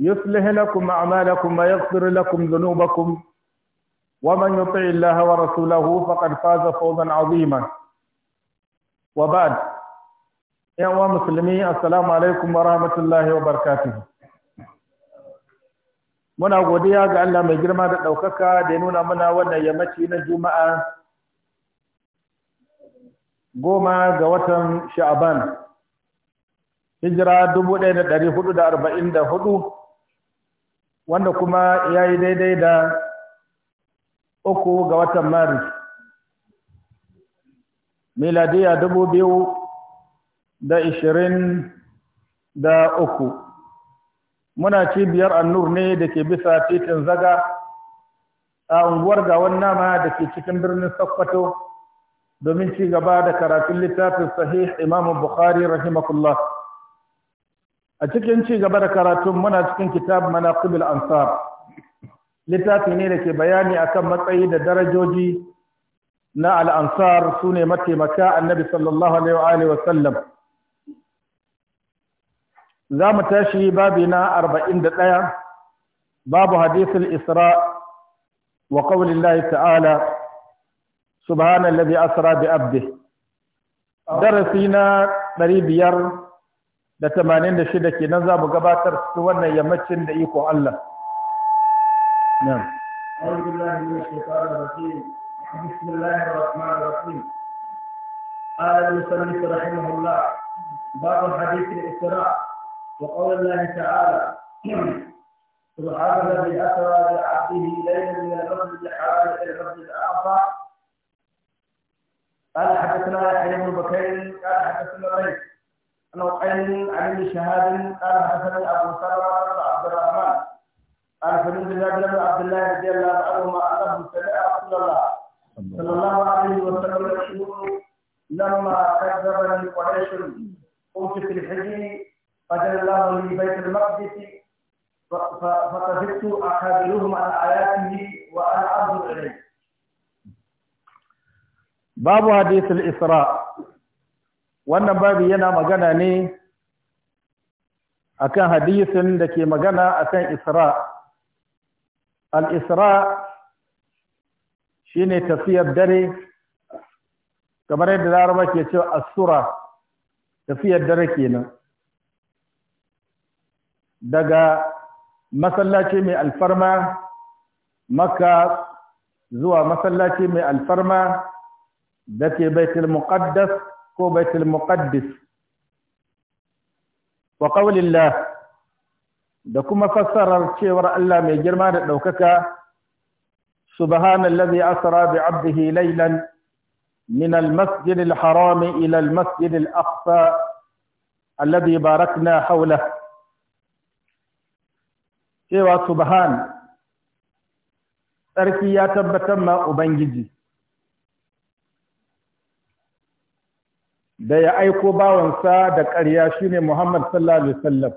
يصلح لكم أعمالكم ويغفر لكم ذنوبكم ومن يطع الله ورسوله فقد فاز فوزا عظيما وبعد يا مسلمين السلام عليكم ورحمة الله وبركاته muna godiya ga Allah mai girma da ɗaukaka da ya nuna mana wannan yammaci na juma'a goma ga watan sha'aban hijira hudu. wanda kuma ya yi daidai da uku ga watan maris miladiya dubu biyu da ishirin da uku muna cibiyar annur ne da ke bisa titin zaga a unguwar gawan nama da ke cikin birnin sokoto domin ci gaba da karatun littafin sahih imamu bukhari rahimahullah a cikin ci gaba da karatun muna cikin kitab manaqibul ansar littafi ne da ke bayani akan matsayi da darajoji na al-ansar sune mataimaka annabi sallallahu alaihi wa sallam za mu tashi babi na 41 babu hadisul isra wa qaulillahi ta'ala subhanallazi asra bi abdihi darasi na 500 da tamanin da shida kenan za mu gabatar cikin wannan yammacin da iko Allah. Na'am. أعوذ بالله من الشيطان الرجيم قال المصنف رحمه الله باب حديث الإسراء وقول الله تعالى سبحان الذي ya بعبده ليلا من المسجد الحرام إلى المسجد da قال حدثنا يحيى بن بكير قال حدثنا ليث نوعين عن ابن شهاب قال حسن ابو سلمه بن عبد الرحمن قال سمير بن بن عبد الله رضي الله عنهما انه سمع رسول الله صلى الله عليه وسلم يقول لما كذبني قريش قمت في الحج فجعل الله لي بيت المقدس فكذبت اقابلهم عن اياته وانا عبد اليه باب حديث الاسراء wannan babi yana magana ne akan hadisin da ke magana akan isra al-isra shine tafiyar dare kamar yadda laraba ke cewa asura tafiyar dare kenan daga masallaci mai alfarma makka zuwa masallaci mai alfarma da ke baitul muqaddas ko baitul muqaddis wa qawlillah da kuma fassarar cewar Allah mai girma da ɗaukaka subhanallazi asra bi 'abdihi laylan min al-masjid al-haram ila al-masjid al-aqsa alladhi barakna hawla cewa subhan tsarki ya tabbatar ma ubangiji da ya aiko bawansa da ƙarya ne Muhammad sallallahu alaihi wasallam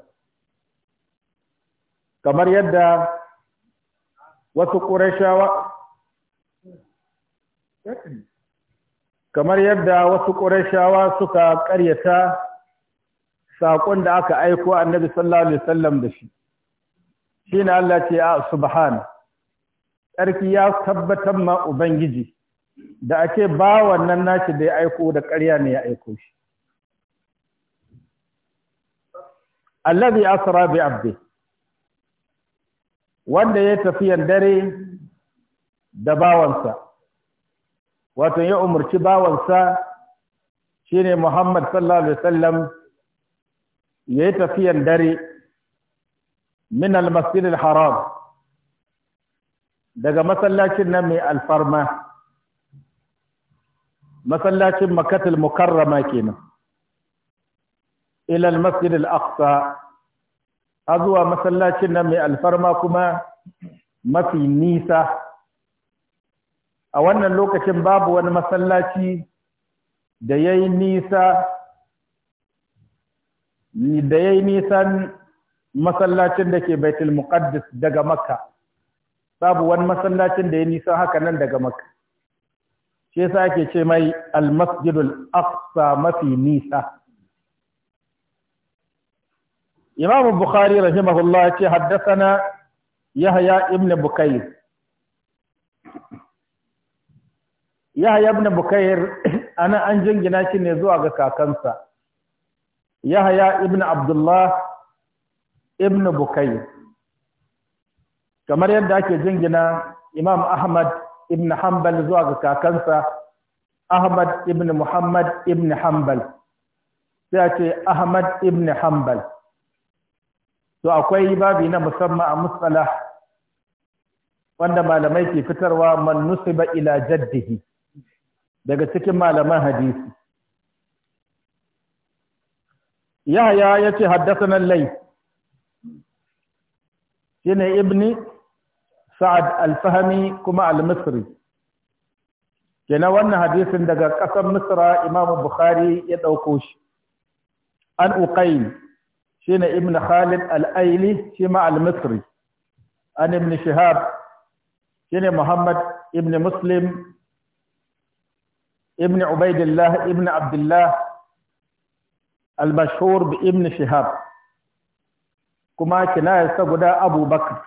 kamar yadda wasu ƙurashawa kamar yadda wasu ƙurashawa suka ƙaryata saƙon da aka aiko annabi sallallahu alaihi wasallam da shi shi shine Allah ce a subhana tsarki ya tabbatar ma ubangiji da a ce ba wannan nashi da ya aiko da ƙarya ne ya aiko shi allazi asra bi abdi wanda ya tafiyan dare da bawansa wato ya umarci bawansa shine Muhammad sallallahu alaihi wasallam ya tafiyan dare min al-masjid al-haram daga masallacin nan mai alfarma masallacin makatul mukarrama kenan ila masjid al-aqsa azuwa masallacin nan mai alfarma kuma mafi nisa a wannan lokacin babu wani masallaci da yayi nisa da yayi nisan masallacin da ke baitul muqaddas daga makka babu wani masallacin da ya nisa haka nan daga makka shi yasa ake ce mai al-masjidul aqsa mafi nisa imam bukhari rahimahullah ya ce haddathana yahya ibn bukayr yahya ibn bukayr ana an jingina shi ne zuwa ga kakansa yahya ibn abdullah ibn bukayr kamar yadda ake jingina imam ahmad ibn Hanbal zuwa ga kakansa Ahmad ibn Muhammad ibn Hanbal sai ce Ahmad ibn Hanbal to akwai babi na musamman a musala wanda malamai ke fitarwa man nusiba ila jaddihi daga cikin malaman hadisi yahya yace haddathana lay shine ibni sa'ad al-fahmi kuma al-misri kenan wannan hadisin daga ƙasar misra Imam bukhari ya ɗauko shi an uqayl shine ibn khalid al-aili shi ma al-misri an ibn shihab shine muhammad ibn muslim ibn ubaidillah ibn abdullah al-mashhur bi ibn shihab kuma kinayarsa guda abubakar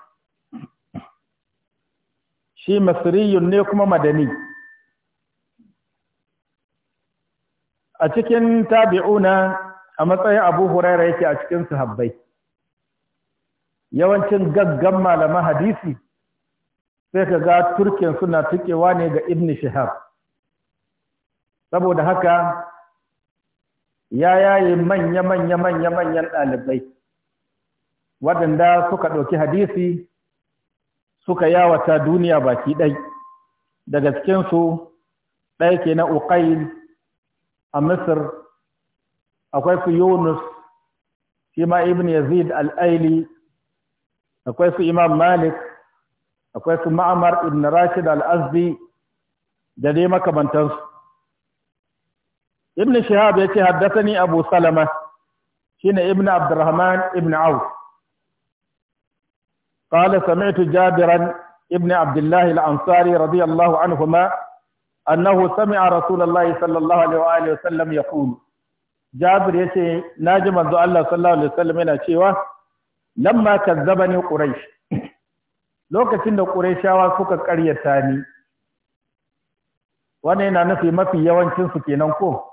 shi masriyun ne kuma madani a cikin tabi'una a matsayin abu huraira yake a cikin sahabbai yawancin gaggan malaman hadisi sai ka ga turkin suna tukewa ne ga ibn shihab saboda haka ya yaye manya-manya manya-manyan ɗalibai waɗanda suka ɗauki hadisi suka yawata duniya baki ɗai daga cikinsu ɗaya ke na uqail a misir akwai su yunus shi ma ibn yazid al'aili akwai su imam malik akwai su ma'amar ibn rashid al'azdi da dai makamantansu ibn shihab ya ce haddasa ni abu salama shine ibn abdurrahman ibn auf قال سمعت جابرا ابن عبد الله الأنصاري رضي الله عنهما أنه سمع رسول الله صلى الله عليه وآله وسلم يقول جابر يشي ناجم الله صلى الله عليه وسلم هنا شيوا لما كذبني قريش lokacin da ƙureshawa suka ƙaryata ni wannan yana nufi mafi yawancinsu kenan ko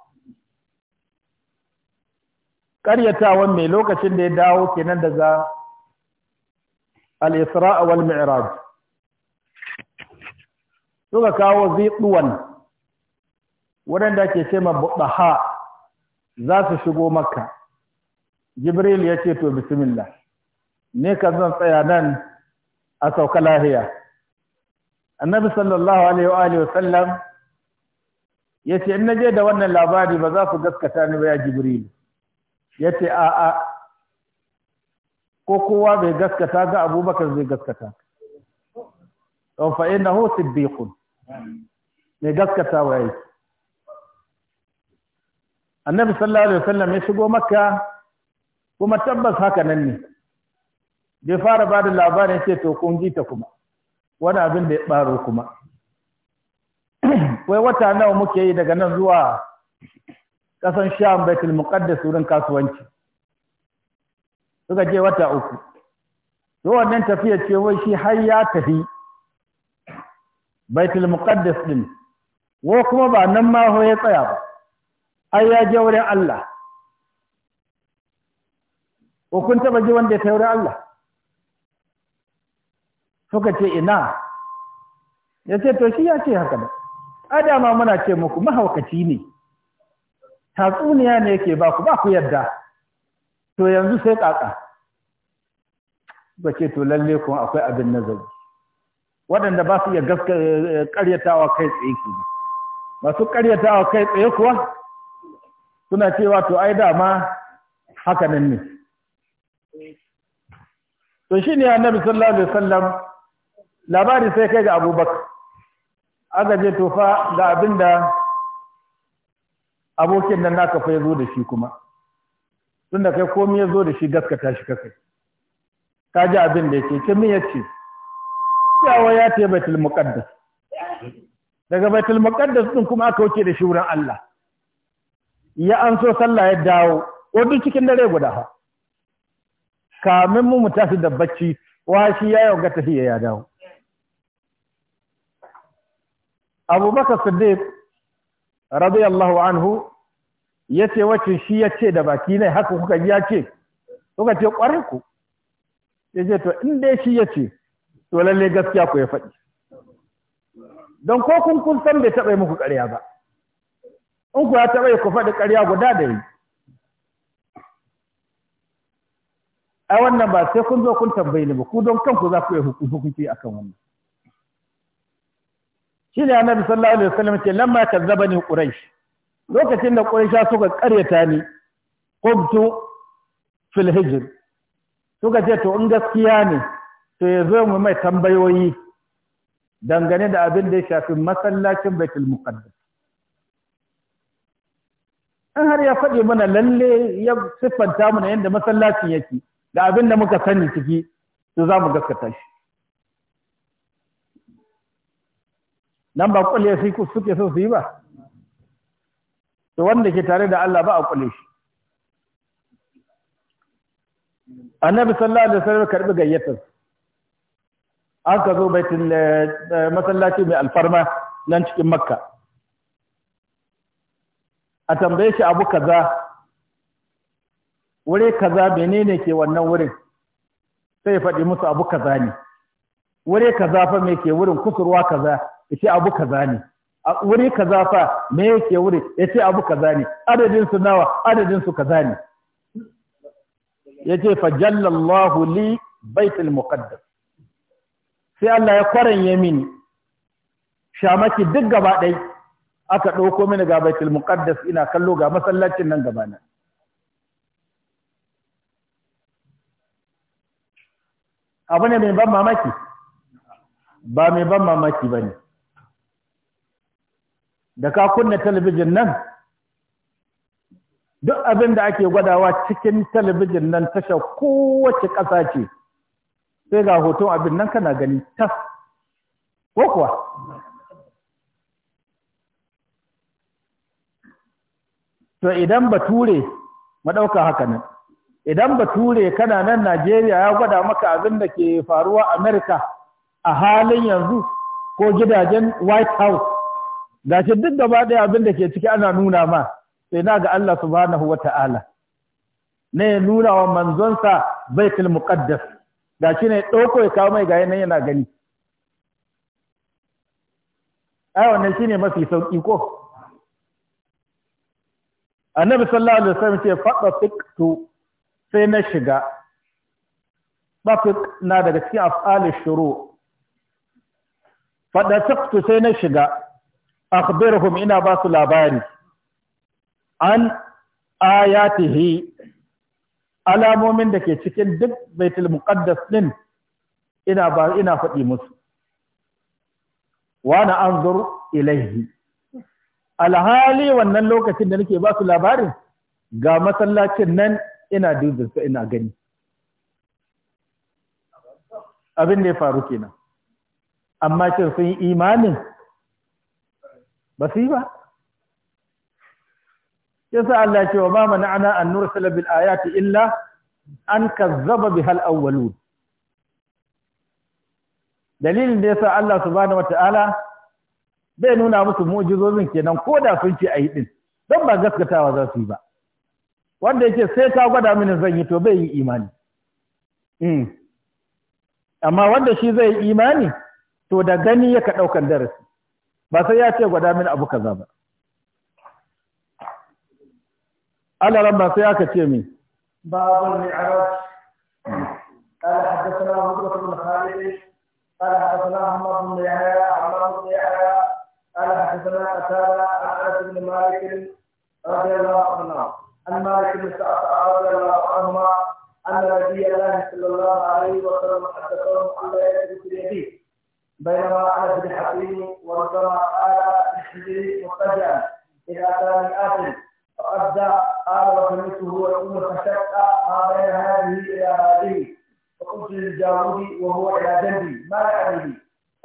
ƙaryatawan mai lokacin da ya داو kenan دزا al-isra wal mi'raj suka kawo ziduwan waɗanda ke ce ma ha, za su shigo makka jibril ya ce to bismillah ne ka zan tsaya nan a sauka lahiya annabi sallallahu alaihi wa sallam. ya ce in je da wannan labari ba za su gaskata ni ba ya jibril ya ce a a ko kowa bai gaskata ga abubakar zai gaskata don fa'i na hosi bikun mai gaskata wa yi annabi sallallahu alaihi wasallam ya shigo makka kuma tabbas haka nan ne bai fara ba da labarin ce to kun ji ta kuma wani abin da ya baro kuma wai wata nawa muke yi daga nan zuwa kasan sha'an baitul muqaddas wurin kasuwanci suka je wata uku to wannan tafiya ce wai shi har ya tafi baitul muqaddas din wo kuma ba nan ma ho ya tsaya ba ai ya je wurin Allah ko kun taba ji wanda ya tafi wurin Allah suka ce ina ya ce to shi ya ce haka da adama muna ce muku mahaukaci ne tatsuniya ne yake ba ku ba ku yarda to yanzu sai ƙaƙa ba ce to lalle kuma akwai abin nazari waɗanda ba su iya karyatawa eh, kai tsaye ke masu karyatawa kai tsaye kuwa suna cewa to ai dama haka nan ne to shine annabi sallallahu alaihi wasallam labari sai kai ga abubakar aka je to fa ga abinda abokin nan naka fa zo da shi kuma tun da kai komai ya zo da shi gaskata shi kakai ka ji abin da yake ce min ya ce yawa ya ta baitul muqaddas daga baitul muqaddas din kuma aka wuce da shi wurin Allah ya an so sallah ya dawo duk cikin dare guda ha kamin mu mu tafi da bacci wa shi ya yau ga tafiya ya dawo Abu abubakar siddiq radiyallahu anhu ya ce wacce shi ya ce da baki ne haka kuka ji ya ce kuka ce kwarai ku ya ce to in dai shi ya ce to lalle gaskiya ku ya faɗi don ko kun kun san bai taɓa muku ƙarya ba in ku ya taɓa ku faɗi ƙarya guda da yi a wannan ba sai kun zo kun tambayi ni ba ku don kanku za ku yi hukunci a kan wannan nan annabi sallallahu alaihi wasallam ce lamma kazzabani quraish lokacin da sha suka ƙaryata ni ƙubtu filhijin suka ce to in gaskiya ne to ya zo mu mai tambayoyi dangane da abin da ya shafi masallacin baitul muqaddas in har ya faɗi mana lalle ya siffanta mana yadda masallacin yake da abin da muka sani ciki to za mu gaskata shi nan ba kulle suke so su yi ba to wanda ke tare da Allah ba a kule shi annabi sallallahu alaihi wasallam karbi gayyatar an ka zo baitin eh, masallaci mai alfarma nan cikin makka a tambaye shi abu kaza wuri kaza menene ke wannan wurin sai faɗi musu abu kaza ne wuri kaza fa me ke wurin kusurwa kaza shi ce abu kaza ne a wuri kaza fa me yake wuri yace abu kaza ne adadin su nawa adadin su kaza ne yace fa jallallahu li baitul muqaddas sai Allah ya kwaranye mini shamaki duk gaba dai aka ɗauko mini ga baitul muqaddas ina kallo ga masallacin nan gaba na abu ne mai ban mamaki ba mai ban mamaki ba da ka kunna talabijin nan duk abin da ake gwadawa cikin talabijin nan tasha kowace ƙasa ce sai ga hoton abin nan kana gani tas ko kuwa to idan bature madauka haka nan idan ba ture kana nan Najeriya ya gwada maka abin da ke faruwa Amerika a halin yanzu ko gidajen White House shi duk gaba ɗaya abin da ke ciki ana nuna ma sai na ga Allah subhanahu wa ta'ala na ya nuna wa manzonsa baitul muqaddas shi ne ɗauko ya kawo mai ga nan yana gani ai wannan ne mafi sauƙi ko annabi sallallahu alaihi wasallam ce faɗa fiktu sai na shiga ɓafik na daga cikin af'alin shuru faɗa fiktu sai na shiga akhbirhum ina ba su labari an ayatihi alamomin da ke cikin duk baitul muqaddas din ina ba ina faɗi musu wa na anzur ilaihi alhali wannan lokacin da nake ba su labarin ga masallacin nan ina dubinsa ina gani abin da ya faru kenan amma kin sun yi imanin ba su yi ba sa Allah ce wa ma mana'ana an nursala bil ayati illa an kazzaba bihal awwalun dalilin da yasa Allah subhanahu wataala bai nuna musu mu'jizozin kenan ko da sun ce ayi din don ba gaskatawa za su yi ba wanda yake sai ta gwada mini zan yi to bai yi imani hmm. amma wanda shi zai yi imani to da gani yaka daukan darasi ba sai ya ce gwada mini abu kaza ba Allah ran ba sai aka ce mi babul mi'raj قال حدثنا مدرك بن خالد قال حدثنا محمد بن يحيى عمار بن يحيى قال حدثنا أتانا عن أنس بن مالك رضي الله عنه عن مالك بن سعد رضي الله عنهما أن نبي الله صلى الله عليه وسلم حدثهم أن لا يشرك بيده بينما أنا بن حكيم وربما قال الحجري مرتجعا الى كلام الاخر فقد قال وسمعته والأم فشق ما بين هذه إلى هذه فقلت للجارود وهو إلى جنبي ما يعنيه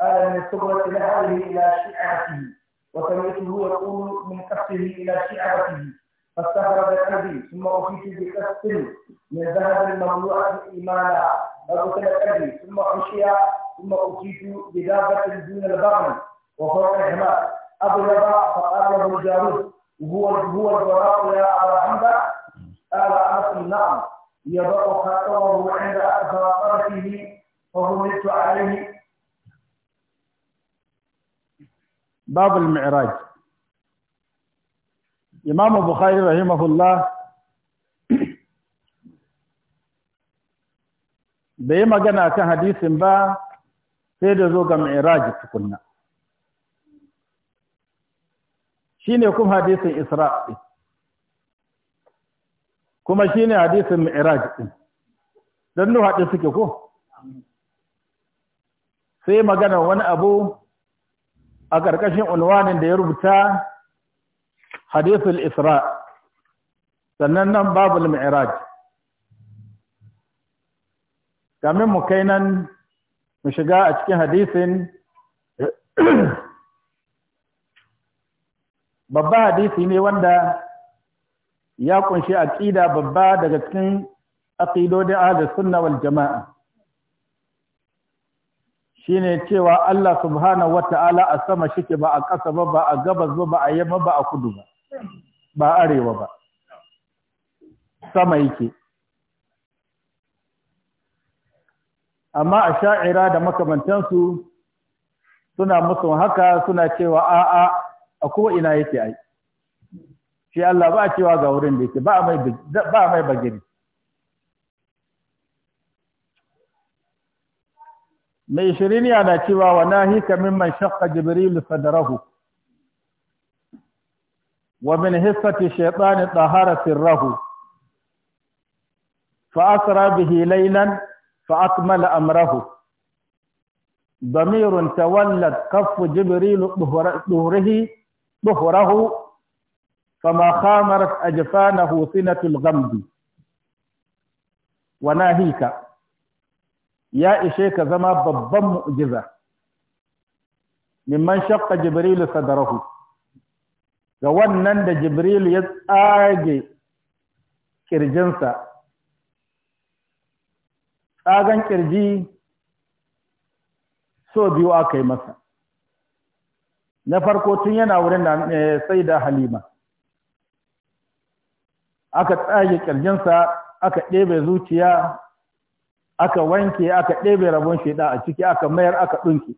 قال من الصبرة هذه إلى شعرته وسمعته والأم من كفه إلى شعرته فاستغرب قلبي ثم أوفيت بكف من ذهب المملوءة إيمانا فقلت قلبي ثم حشي ثم أوتيت بدابة دون البغل وفرع الحمار أضرب فقال له الجارود وهو هو البراء يا أبا حمزة قال أنس نعم يضع خطوه عند أكثر طرفه فهملت عليه باب المعراج إمام البخاري رحمه الله بما جاء kan حديث با sai da zo ga mi'raj tukunna shine kuma hadisin Isra'i kuma shine hadisin mi'raj din dan nu hadisi suke ko sai magana wani abu a ƙarƙashin unwanin da ya rubuta hadisul isra sannan nan babul mi'raj kamin mu kai nan mu shiga a cikin hadisin babba hadisi ne wanda ya kunshi aqida babba daga cikin aqidodin ahlus sunna wal jama'a shine cewa Allah subhanahu wata'ala a sama shike ba a ƙasa ba ba a gabas ba ba a yamma ba a kudu ba ba arewa ba sama yake amma a sha'ira da makamantansu suna musu haka suna cewa a'a a ko ina yake ai shi Allah ba cewa ga wurin da yake ba ba mai bagiri mai shirin na cewa wa nahi kamin mimman shaqqa jibrilu sadrahu wa min hissati shaytan tahara sirrahu fa asra bihi laylan فأكمل أمره ضمير تولد كف جبريل ظهره ظهره فما خامرت أجفانه سنة الغمد وناهيك يا إشيك زما بالضم مؤجزة ممن شق جبريل صدره ga wannan da Jibril ya tsage kirjinsa tsagan kirji so biyu aka yi masa na farko tun yana wurin da sai da halima aka tsage kirjinsa aka ɗebe zuciya aka wanke aka ɗebe rabon shida a ciki aka mayar aka ɗunki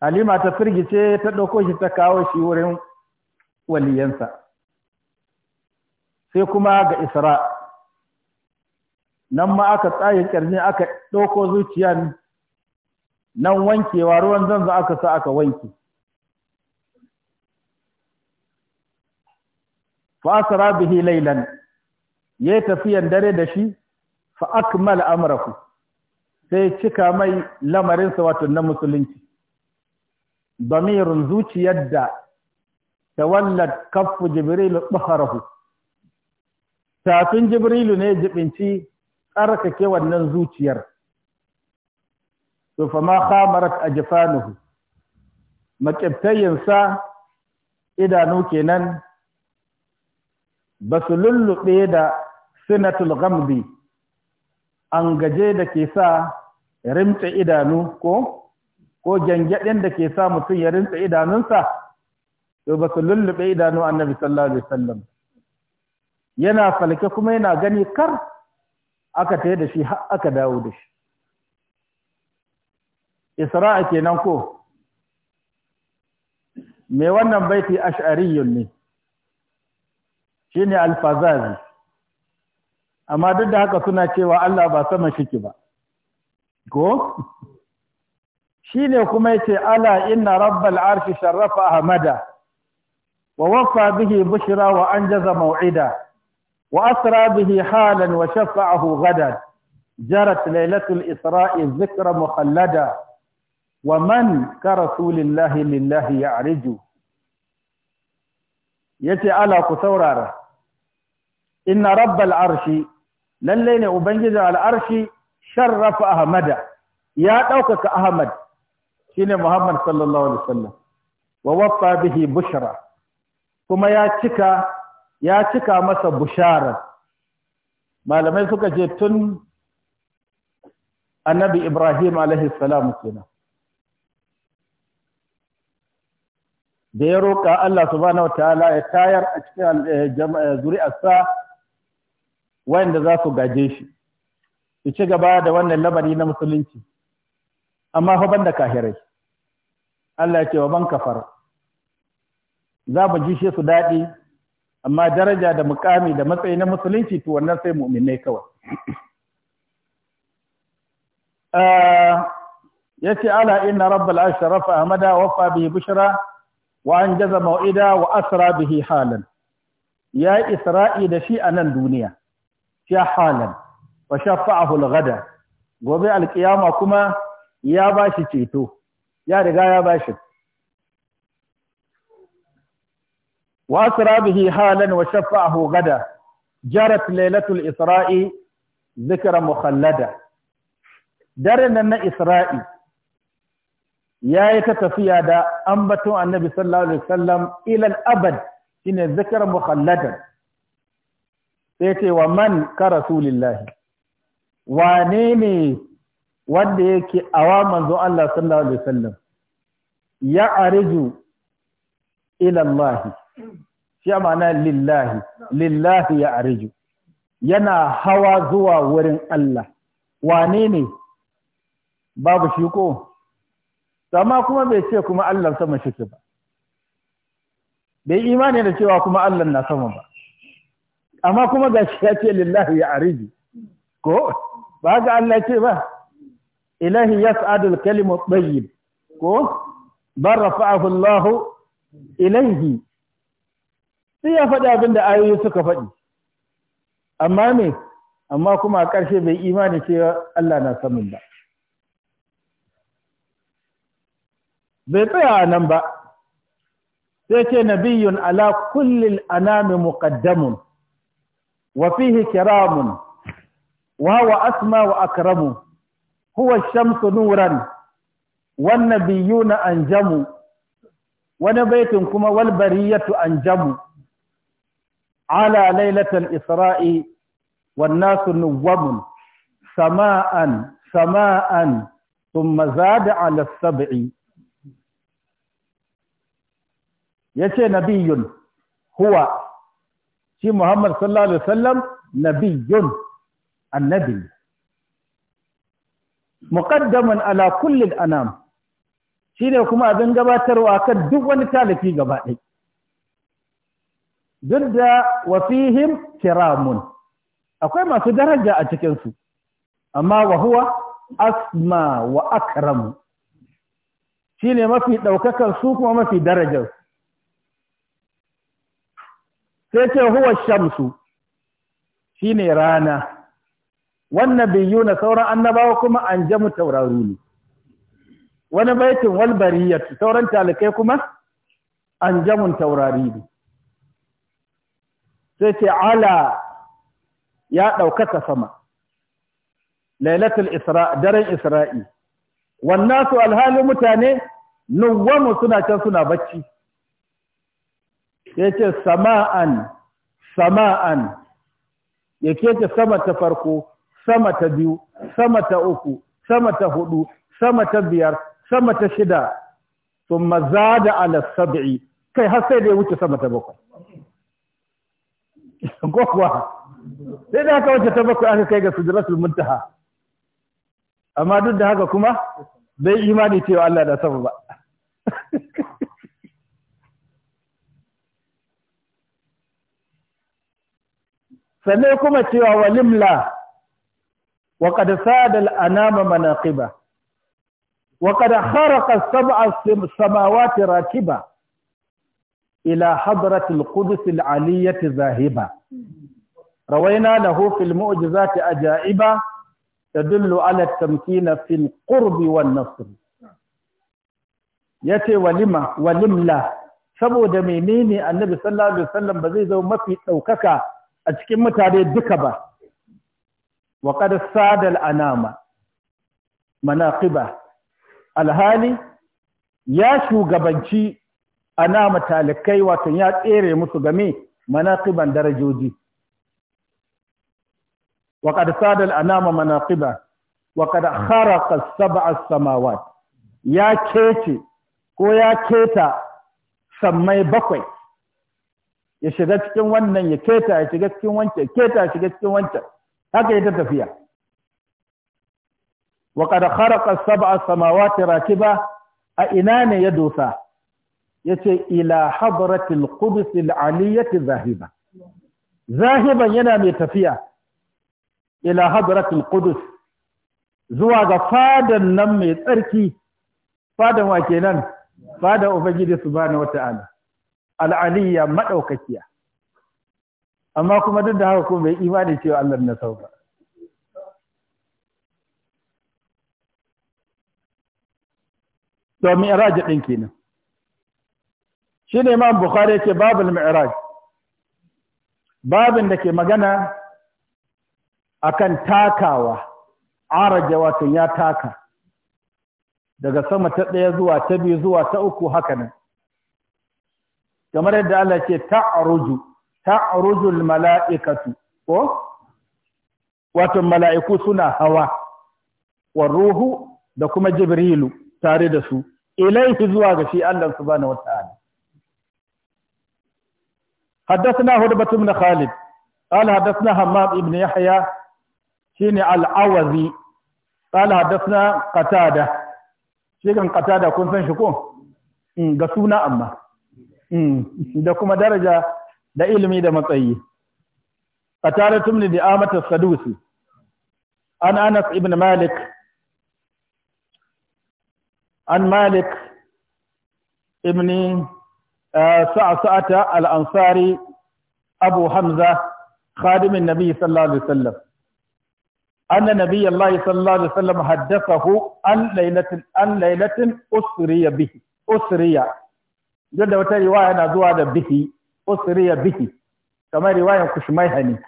halima ta firgice ta ɗauko shi ta kawo shi wurin waliyansa sai kuma ga Isra'a. nan ma aka tsaye ƙarni aka ɗauko zuciya nan wankewa ruwan zanzu aka sa aka wanke fasara bihi lailan ya tafiyan dare da shi fa akmal amrahu sai cika mai lamarinsa wato na musulunci damirun zuciyar da tawallat kaffu jibrilu baharahu tafin jibrilu ne jibinci tsarkake wannan zuciyar to fa ma khamarat ajfanuhu makibtayinsa idanu kenan ba su lullube da sinatul ghamdi an gaje da ke sa rimta idanu ko ko gyangyaɗin da ke sa mutum ya rinsa idanunsa to ba su lullube idanu annabi sallallahu alaihi wasallam yana falke kuma yana gani kar aka tayar da shi har aka dawo da shi isra'a kenan ko me wannan baiti ash'ariyun ne shine alfazazi amma duk da haka suna cewa Allah ba sama shiki ba ko ne kuma yace ala inna rabbal arshi sharrafa ahmada wa waffa bihi bushra wa an anjaza maw'ida وأسرى به حالا وشفعه غدا جرت ليلة الإسراء ذكر مخلدا ومن كرسول الله لله يعرج yace ala ku saurara inna rabbal arshi lalle ne ubangijin al'arshi sharrafa ahmada ya ɗaukaka ahmad shine muhammad sallallahu alaihi wasallam wa waffa bihi bushra kuma ya cika ya cika masa bushara malamai suka ce tun annabi Ibrahim alaihi salam kenan da ya roƙa Allah subhanahu wataala ya tayar a cikin eh, eh, zuri'arsa wanda za su gaje shi su ci gaba da wannan labari na musulunci amma fa banda kahirai Allah ya ce wa ban kafar za mu ji shi su daɗi amma daraja da mukami da matsayi na musulunci to wannan sai mu'minai kawai ah, yace ala inna rabbal arshi amada wafa bihi bushra wa anjaza mau'ida wa asra bihi halan ya isra'i da shi a nan duniya ya halan wa shafa'ahu al-ghada gobe alkiyama kuma ya bashi ceto ya riga ya bashi وأسرى به حالا وشفعه غدا جرت ليلة الإسراء ذكر مخلدة درنا إسرائي ya yi ta tafiya da ambaton annabi sallallahu alaihi wasallam ilal abad shine zikr mukhalladan sai ce wa man ka wane ne wanda yake awa manzo Allah sallallahu alaihi wasallam ya arju ila Allah shi ma'ana lillahi lillahi ya ariju yana hawa zuwa wurin Allah wane ne babu shi ko amma kuma bai ce kuma Allah sama shi ba bai imani da cewa kuma Allah na sama ba amma kuma ga shi ya ce lillahi ya ariju ko ba ga Allah ce ba ilahi yas'adul kalimu tayyib ko bar rafa'ahu Allah ilayhi sai ya faɗi abin da ayoyi suka faɗi amma me amma kuma a ƙarshe bai imani cewa Allah na samun ba bai tsaya a nan ba sai ce nabiyun ala kullil anami muqaddamun wa fihi kiramun wa huwa asma wa akramu huwa shamsu nuran wan nabiyuna anjamu wani baitin kuma wal bariyatu anjamu على ليلة الإسراء والناس نوم سماء سماء ثم زاد على السبع يتي نبي هو شي محمد صلى الله عليه وسلم نبي النبي مقدما على كل الأنام شيء لكم أذن جبات رواك دوان تالكي جبائي duk da wafihim kiramun akwai masu daraja a cikinsu amma wa huwa asma wa akramu shi mafi ɗaukakan su kuma mafi darajar sai ce huwa shamsu shi ne rana wannan biyu na sauran annabawa kuma an jamu tauraru ne wani baitin walbariyar sauran talikai kuma an jamun taurari ne sai ce ala ya ɗaukaka sama lailatul daren isra'i wannan su alhalin mutane nuwamu suna can suna bacci ya ce sama'an sama'an ya ce sama ta farko sama ta biyu sama ta uku sama ta hudu sama ta biyar sama ta shida sun maza da ala sab'i kai har sai da ya wuce sama ta bakwai ko kuwa sai da haka wacce ta bakwai aka kai ga sudratul muntaha amma duk da haka kuma bai imani cewa Allah da sama ba sannan kuma cewa walimla wa qad sadal anama manaqiba wa qad kharaqa sab'a samawati rakiba ila hadratil qudus al aliyyati zahiba rawaina lahu fil mu'jizati ajaiba tadullu ala tamkina fil qurbi wan nasr yace walima walimla saboda menene annabi sallallahu alaihi wasallam ba zai zama mafi daukaka a cikin mutane duka ba wa qad sadal anama manaqiba alhali ya shugabanci ana matalikai wato ya tsere musu game manaqiban darajoji wa qad sada al anama manaqiba wa qad kharaqa sab'a samawat ya kece ko ya keta sammai bakwai ya shiga cikin wannan ya keta ya shiga cikin wancan keta ya shiga cikin wancan haka ya ta tafiya wa qad kharaqa sab'a samawat rakiba a ina ne ya dosa yace ila habratil quds al zahiba zahiban yana mai tafiya ila hadratul qudus zuwa ga fadan nan mai tsarki fadan wa kenan fadan ubangiji subhanahu wata'ala al'aliyya madaukakiya amma kuma duk da haka ko bai imani cewa Allah na sauka to mi'raj din kenan shi ne imam bukhari yake babul mi'raj babin da ke magana akan takawa araja wato ya taka daga sama ta ɗaya zuwa ta biyu zuwa ta uku haka nan kamar yadda Allah ce ta'ruju ta'rujul mala'ikatu ko wato mala'iku suna hawa wa ruhu da kuma jibrilu tare da su ilaihi zuwa ga shi Allah subhanahu wata'ala حدثنا هربة بن خالد قال حدثنا همام بن يحيى شين العوذي قال حدثنا قتادة شين قتادة كن سن شكو غسونا suna amma da kuma daraja da ilimi da matsayi قتادة من دعامة السدوسي عن أنس ابن مالك عن مالك ابن sa’asa’ata al’ansari abu hamza khadimin nabi sallallahu alaihi wasallam an na nabi Allah sallallahu alaihi wasallam haddasa hu an lailatin usriya bihi usriya yadda wata riwaya na zuwa da bihi usriya bihi kamar riwayar kushmai hani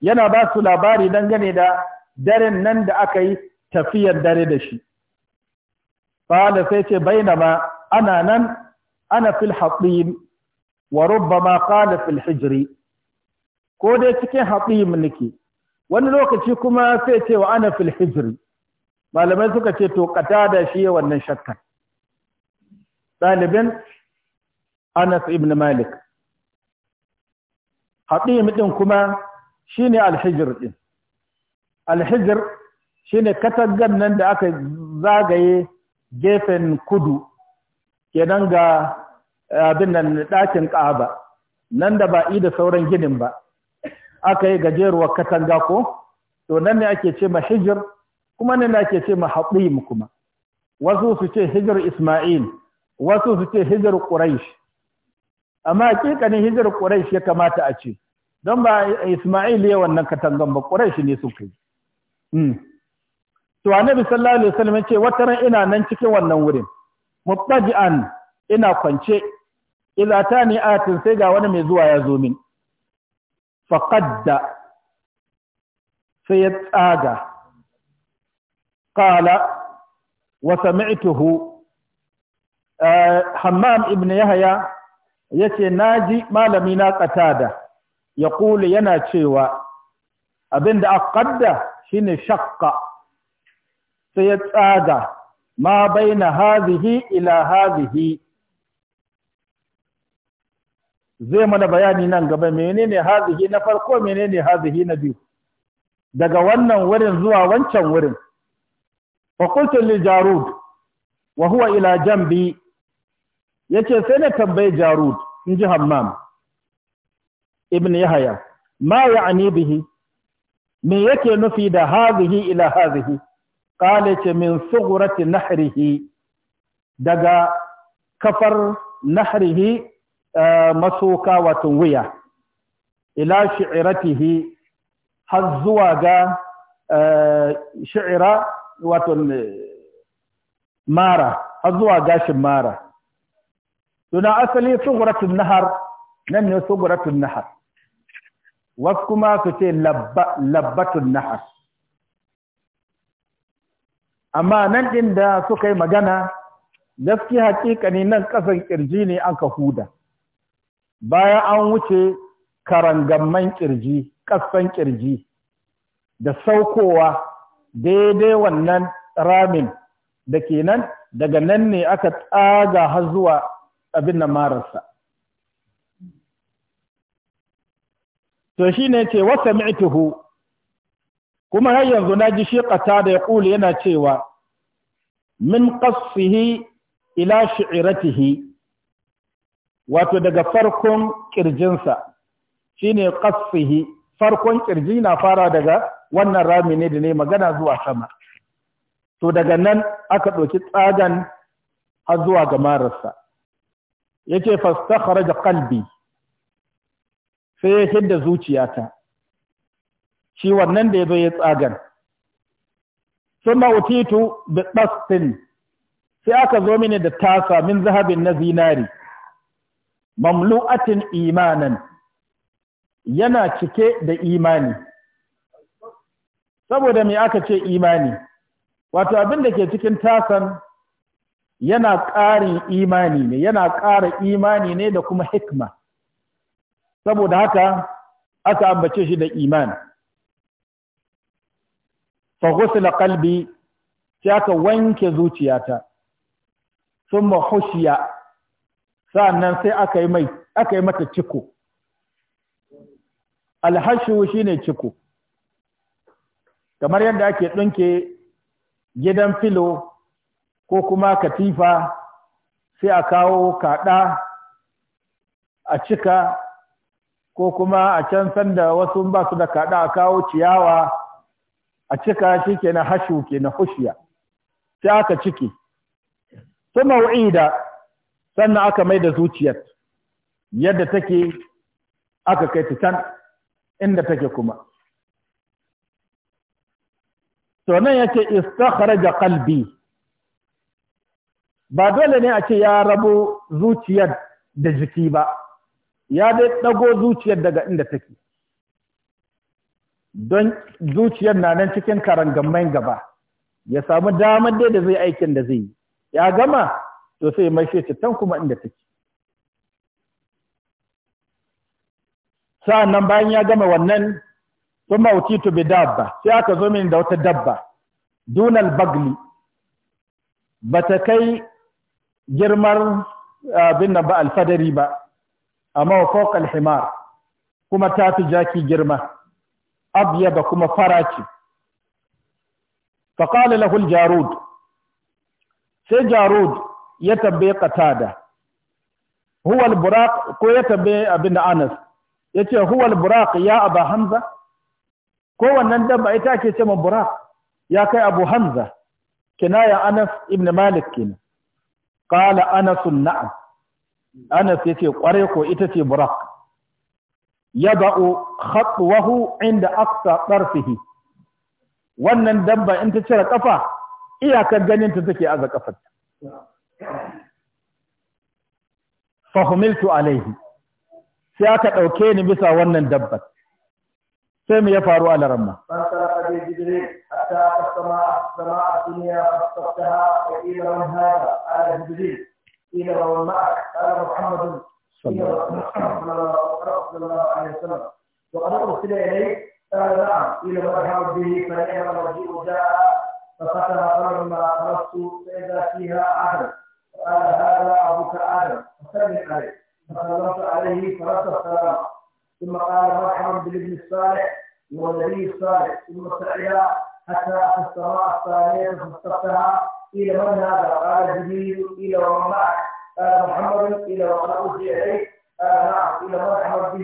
yana ba su labari dangane da daren nan da aka yi tafiyar dare da shi fa da sai ce bainama ana nan ana fil hatim wa rubbama qala fil hijri ko dai cikin hatim nake wani lokaci kuma sai ce wa ana fil hijri malamai suka ce to da shi wannan shakka ɗalibin Anas ibn Malik. Haɗim ɗin kuma shi ne alhijir ɗin. Alhijir shi ne katangan nan da aka zagaye gefen kudu kenan ga eh, abin nan ɗakin ƙaba nan da ba da sauran ginin ba aka yi gajeruwar katanga ko to nan ne ake ce ma hijir kuma nan ne ake ce ma haɗim kuma wasu su ce hijir isma'il wasu su ce hijir quraish amma hakikanin hijir quraish ya kamata a ce don ba isma'il ya wannan katangan ba quraish ne su kai hmm. to annabi sallallahu alaihi wasallam ya ce wataran ina nan cikin wannan wurin mubtaji'an ina kwance idza tani atin sai ga wani mai zuwa ya zo min faqadda sai ya tsaga qala wa sami'tuhu eh, hammam ibn yahya yace naji malami na qatada yaqulu yana cewa abinda aqadda shine shaqqa sai ya tsaga ma baina hazihi ila hazihi zai mana bayani nan gaba menene hazihi na farko menene hazihi na biyu daga wannan wurin zuwa wancan wurin fa qultu li jarud wa huwa ila jambi yace sai na tambayi jarud in ji hammam ibn yahya ma ani bihi me yake nufi da hazihi ila hazihi qala min sughurati nahrihi daga kafar nahrihi masoka wato wuya ila shi'iratihi har zuwa ga shi'ira wato mara har zuwa gashin mara tuna asali sughratun nahar nan ne sughratun wasu kuma su ce labbatun nahar amma nan ɗin da suka yi magana gaske ne nan ƙasan ƙirji ne aka huda bayan an wuce karangamman ƙirji ƙasan ƙirji da saukowa daidai wannan ramin da kenan daga nan ne aka tsaga har zuwa abin na mararsa to shi ne ce wasa mi'tuhu kuma har yanzu na ji shi da ya ƙuli yana cewa min ƙasfihi ila shi'iratihi wato daga farkon kirjinsa shine ƙasfihi farkon ƙirji na fara daga wannan rami ne da ne magana zuwa sama to daga nan aka ɗauki tsagan har zuwa ga mararsa yace ga kalbi sai ya hidda zuciyata shi wannan da ya zo ya tsagan sun utitu bi ɗastin sai aka zo mini da tasa min zahabin na zinari mamlu'atin imanan yana cike da imani saboda me aka ce imani wato abin da ke cikin tasan yana ƙarin imani ne yana ƙara imani ne da kuma hikma saboda haka aka ambace shi da imani fa ghusila qalbi sai aka wanke zuciyata thumma hushiya sannan sai aka yi aka yi mata ciko alhashu shine ciko kamar yadda ake ɗinke gidan filo ko kuma katifa sai a kawo kaɗa a cika ko kuma a can sanda wasu ba su da kaɗa a kawo ciyawa a cika shi ke na hashu ke na hushiya sai aka ciki su da sannan aka mai da zuciyar yadda take aka kai ta can inda take kuma to nan yake istakhraja qalbi ba dole ne a ce ya rabo zuciyar da jiki ba ya dai dago zuciyar daga inda take don zuciyar na nan cikin karangamman gaba ya samu damar da zai aikin da zai yi ya gama to sai mai shi tan kuma inda take nan bayan ya gama wannan sun tu bi dabba sai aka zo min da wata dabba dunal bagli ba ta kai girmar abin nan ba alfadari ba amma wa himar kuma ta fi jaki girma abyada kuma faraci faqala lahul jarud sai jarud ya tambaye katada Huwal al-buraq ko ya tambaye abin anas yace ce huwal buraq ya aba hamza ko wannan dabba ita ke ce ma buraq ya kai abu hamza kinaya anas ibn malik kenan Ƙala Anasun na'am anas yace ƙware ko ita ce buraq yada'u khatwahu inda aqsa tarfihi wannan dabba in ta cire kafa iyakar ganin ta take aza kafar fa humiltu alaihi sai aka dauke ni bisa wannan dabbar sai mu ya faru a laramma قيل من هذا قال جبريل قيل ومن معك قال محمد صلى الله عليه وسلم وقد أرسل إليه قال نعم إلى مذهب به فنعم المرجع جاء ففتح ما خرجت فإذا فيها احد قال هذا أبوك آدم فسلم عليه فسلمت عليه فرد السلام ثم قال مرحبا بالابن الصالح والنبي الصالح ثم سعي حتى في السماء الثانية فاستفتح قيل من هذا؟ قال جبريل قيل ومن معك آه، محمد إلى وقناه في يديه نعم إلى ما به